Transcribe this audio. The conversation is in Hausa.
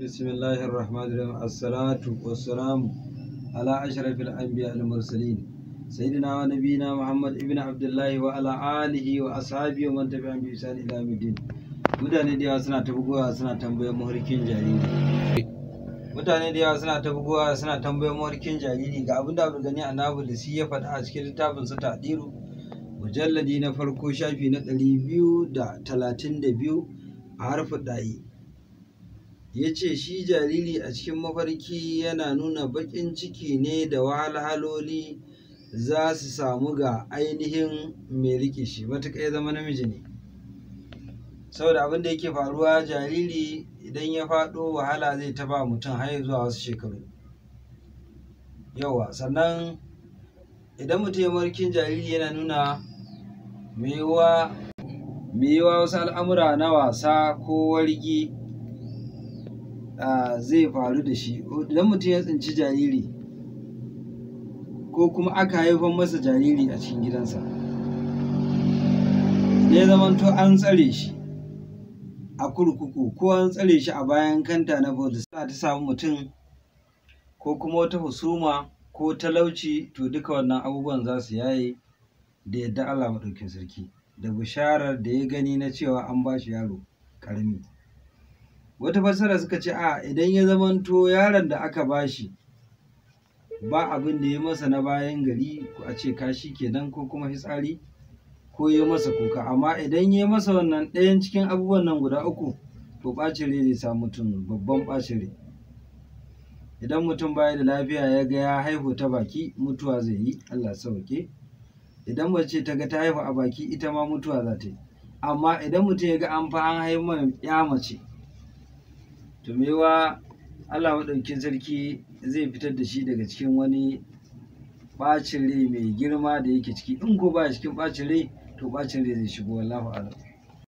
بسم الله الرحمن الرحيم الصلاة والسلام على أشرف الأنبياء المرسلين سيدنا ونبينا محمد ابن عبد الله وعلى آله وأصحابه ومن تبعهم بإحسان إلى يوم الدين mutane da yawa suna ta suna tambayar maharkin jariri mutane da yawa suna ta suna tambayar maharkin jariri ga abin da gani Nabu da ya faɗa a cikin littafin sa tadiru mujalladi na farko shafi na ɗari biyu da talatin da biyu a harfi ya ce shi jariri a cikin mafarki yana nuna baƙin ciki ne da wahalhaloli za su samu ga ainihin mai rike shi matuƙa ya zama namiji ne saboda abin da yake faruwa jariri idan ya faɗo wahala zai taba mutum har zuwa wasu shekaru yawa sannan idan mutum ya markin jariri yana nuna mewa wasu al'amura na wasa ko wargi zai faru da shi idan mutum ya tsinci jariri ko kuma aka haifan masa jariri a cikin gidansa ya zamanto an tsare shi a kurkuku ko an tsare shi a bayan kanta na police ta samu mutum ko kuma wata husuma ko talauci to duka wannan abubuwan za su yaye da yadda Allah maɗaukin sarki da bisharar da ya gani na cewa an ba shi yaro ƙarami wata fassara suka ce a idan ya zamanto yaron da aka bashi ba abin da ya masa na bayan gari ko a ce kashi kenan ko kuma fitsari ko ya masa kuka amma idan ya masa wannan ɗayan cikin abubuwan nan guda uku to ɓacin rai zai samu mutum babban ɓacin idan mutum baya da lafiya ya ga ya haihu ta baki mutuwa zai yi allah sauke idan mace ta ga ta haihu a baki ita ma mutuwa za ta yi amma idan mutum ya ga an fa an haihu ya mace to mewa Allah sarki zai fitar da shi daga cikin wani ɓacin rai mai girma da yake ciki in ko ba cikin ɓacin rai to ɓacin rai zai shigo wallahu a'lam